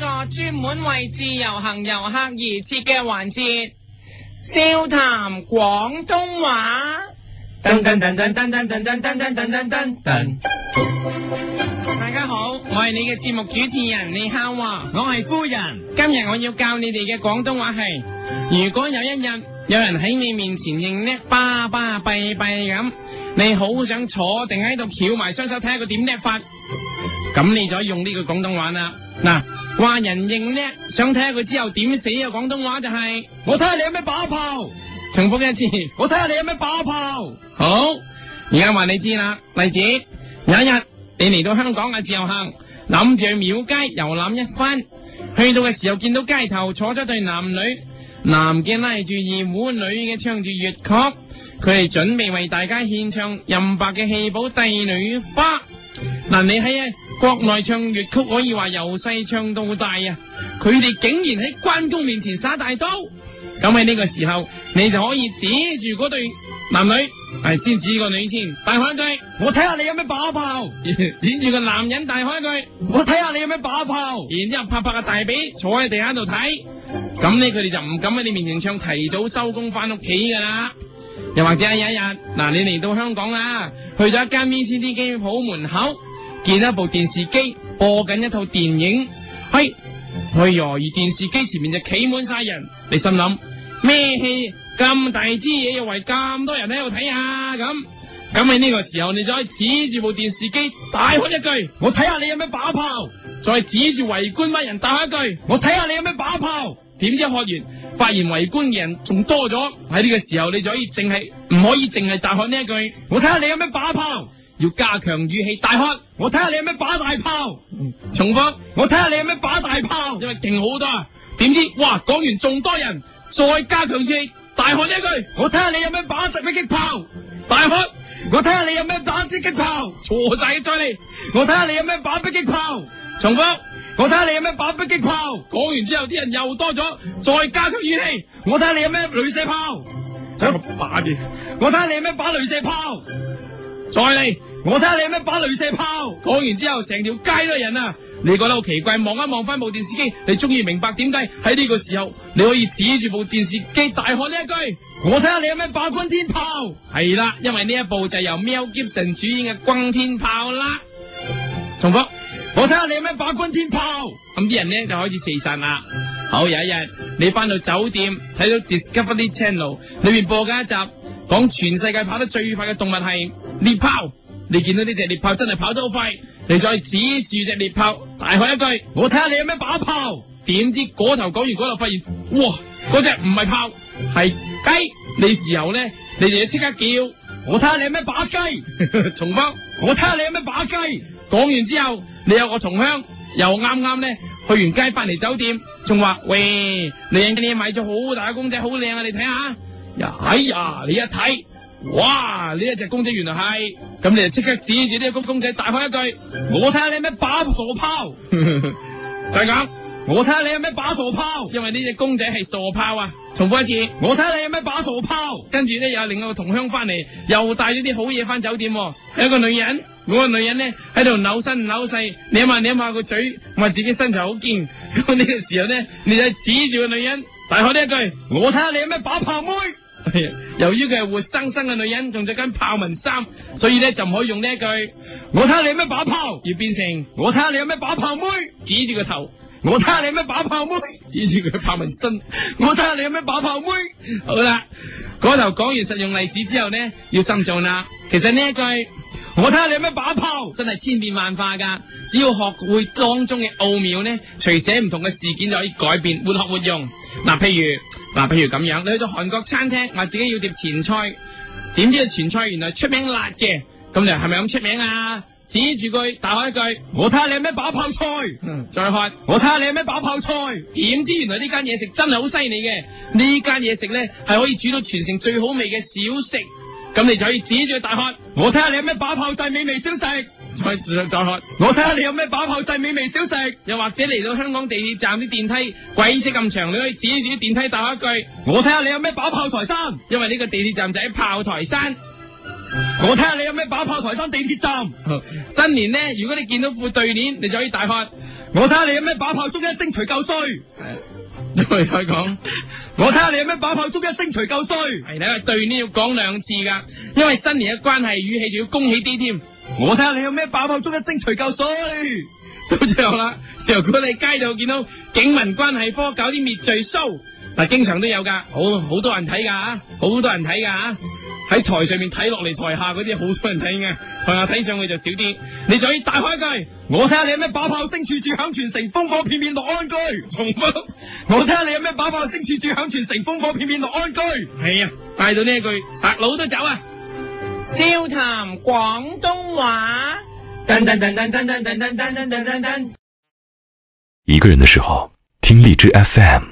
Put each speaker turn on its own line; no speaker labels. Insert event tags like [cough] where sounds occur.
個專門為自由行遊客而設嘅環節，笑談廣東話。大家好，我係你嘅節目主持人，李孝華，我係夫人。今日我要教你哋嘅廣東話係，如果有一日有人喺你面前認叻巴巴閉閉咁，你好想坐定喺度翹埋雙手睇下佢點叻法，咁你就用呢句廣東話啦。嗱，話人認叻，想睇下佢之後點死啊！廣東話就係、是，我睇下你有咩把炮。重複一次，我睇下你有咩把炮。好，而家話你知啦，例子有一日你嚟到香港嘅自由行，諗住去廟街遊覽一番，去到嘅時候見到街頭坐咗對男女，男嘅拉住二胡，女嘅唱住粵曲，佢哋準備為大家獻唱任白嘅戲寶帝女花。嗱，你喺啊國內唱粵曲可以話由細唱到大啊！佢哋竟然喺關公面前耍大刀，咁喺呢個時候，你就可以指住嗰對男女，係、哎、先指個女先，大喊一句：我睇下你有咩把炮！ [laughs] 指住個男人大喊一句：我睇下你有咩把炮！ [laughs] 然之後拍拍個大髀，坐喺地下度睇，咁咧佢哋就唔敢喺你面前唱，提早收工翻屋企噶啦。又或者有一日，嗱你嚟到香港啦，去咗一間 VCD 機鋪門口。見一部電視機播緊一套電影，係，哎呀！而電視機前面就企滿晒人，你心諗咩戲咁大支嘢要圍咁多人喺度睇啊？咁咁喺呢個時候，你就可以指住部電視機大喊一句：我睇下你有咩把炮！再指住圍觀乜人大喊一句：我睇下你有咩把炮！點知喝完，發現圍觀嘅人仲多咗。喺呢個時候，你就可以淨係唔可以淨係大喊呢一句：我睇下你有咩把炮！要加強語氣大喝，我睇下你有咩把大炮、嗯。重複，我睇下你有咩把大炮，因為勁好多啊。點知哇講完仲多人，再加強語氣大喝呢一句，我睇下你有咩把迫擊炮。大喝學，我睇下你有咩把迫擊炮。錯晒再嚟，我睇下你有咩把迫擊炮。重複，我睇下你有咩把迫擊炮。講複完之後啲人又多咗，再加強語氣，我睇下你有咩鐳射炮。就一把嘢， [laughs] 我睇下你有咩把鐳射炮。再嚟，我睇下你有咩把雷射炮。講完之後，成條街都人啊！你覺得好奇怪？望一望翻部電視機，你終於明白點解喺呢個時候你可以指住部電視機大喝呢一句：我睇下你有咩把轟天炮。係啦，因為呢一部就係由 Mel Gibson 主演嘅轟天炮啦。重複，我睇下你有咩把轟天炮。咁啲人咧就開始四散啦。好，有一日你翻到酒店，睇到 Discovery Channel 裏邊播緊一集。講全世界跑得最快嘅動物係獵豹，你見到呢隻獵豹真係跑得好快。你再指住隻獵豹，大喊一句：我睇下你有咩把炮！點知嗰頭講完嗰度發現，哇，嗰隻唔係炮，係雞。你時候咧，你就要即刻叫：我睇下你有咩把雞！ [laughs] 重放，我睇下你有咩把雞。講完之後，你有個同鄉又啱啱咧去完街翻嚟酒店，仲話：喂，你你買咗好大嘅公仔，好靚啊！你睇下。哎呀，你一睇，哇！呢一隻公仔原來係，咁你就即刻指住呢個公仔，大喝一句： [noise] 我睇下你， [laughs] 你有咩把傻炮！再講，我睇下你有咩把傻炮。因為呢隻公仔係傻炮啊！重複一次， [noise] 我睇下你有咩把傻炮。跟住咧又另外一個同鄉翻嚟，又帶咗啲好嘢翻酒店，哦，有一個女人，嗰、嗰個女人咧喺度扭身扭勢，你啊嘛你啊個嘴，話自己身材好堅。咁 [laughs] 呢個時候咧，你就指住個女人，大喝呢一句：我睇下你有咩把炮妹。 [laughs] 由於佢係活生生嘅女人，仲着緊豹紋衫，所以咧就唔可以用呢一句。我睇下你有咩把炮，要變成我睇下你有咩把炮妹，指住個頭。我睇下你有咩把炮妹，指住佢豹紋身。 [laughs] [laughs] 我睇下你有咩把炮妹。好啦，嗰、那個、頭講完實用例子之後呢，要深造啦。其實呢一句 [laughs] 我睇下你有咩把炮，真係千變萬化㗎。只要學會當中嘅奧妙呢，隨寫唔同嘅事件就可以改變活學活用。嗱、呃，譬如。嗱，譬如咁樣，你去到韓國餐廳，話自己要碟前菜，點知個前菜原來出名辣嘅，咁你話係咪咁出名啊？指住佢大開一句，我睇下你有咩把泡菜。嗯，再開，我睇下你有咩把泡菜。點知原來呢間嘢食真係好犀利嘅，呢間嘢食咧係可以煮到全城最好味嘅小食，咁你就可以指住佢大喊，我睇下你有咩把泡製美味小食。再再喝！我睇下你有咩把炮製美味小食，又或者嚟到香港地鐵站啲電梯，鬼死咁長，你可以指住啲電梯大一句。我睇下你有咩把炮台山，因為呢個地鐵站就喺炮台山。 [noise] 我睇下你有咩把炮台山地鐵站。好新年呢，如果你見到副對聯，你就可以大喝。 [noise] 我睇下你有咩把炮，竹一聲除舊歲。再再講，我睇下你有咩把炮，竹一聲除舊歲。係咧，對聯要講兩次噶，因為新年嘅關係，語氣就要恭喜啲添。我睇下你有咩把炮竹一聲除舊歲，都唱啦。如果你街度見到警民關係科搞啲滅罪 show，嗱、啊、經常都有噶，好好多人睇噶，好多人睇噶，喺台上面睇落嚟，台下嗰啲好多人睇嘅，台下睇上去就少啲。你就嘴大開一句，我睇下你有咩把炮聲處處響全城，烽火片片樂安居。重複，我睇下你有咩把炮聲處處響全城，烽火片片樂安居。係 [laughs] 啊、哎，嗌到呢一句，賊佬都走啊！笑談廣東話。噔噔噔噔噔噔噔噔噔。一個人的時候，聽荔枝 FM。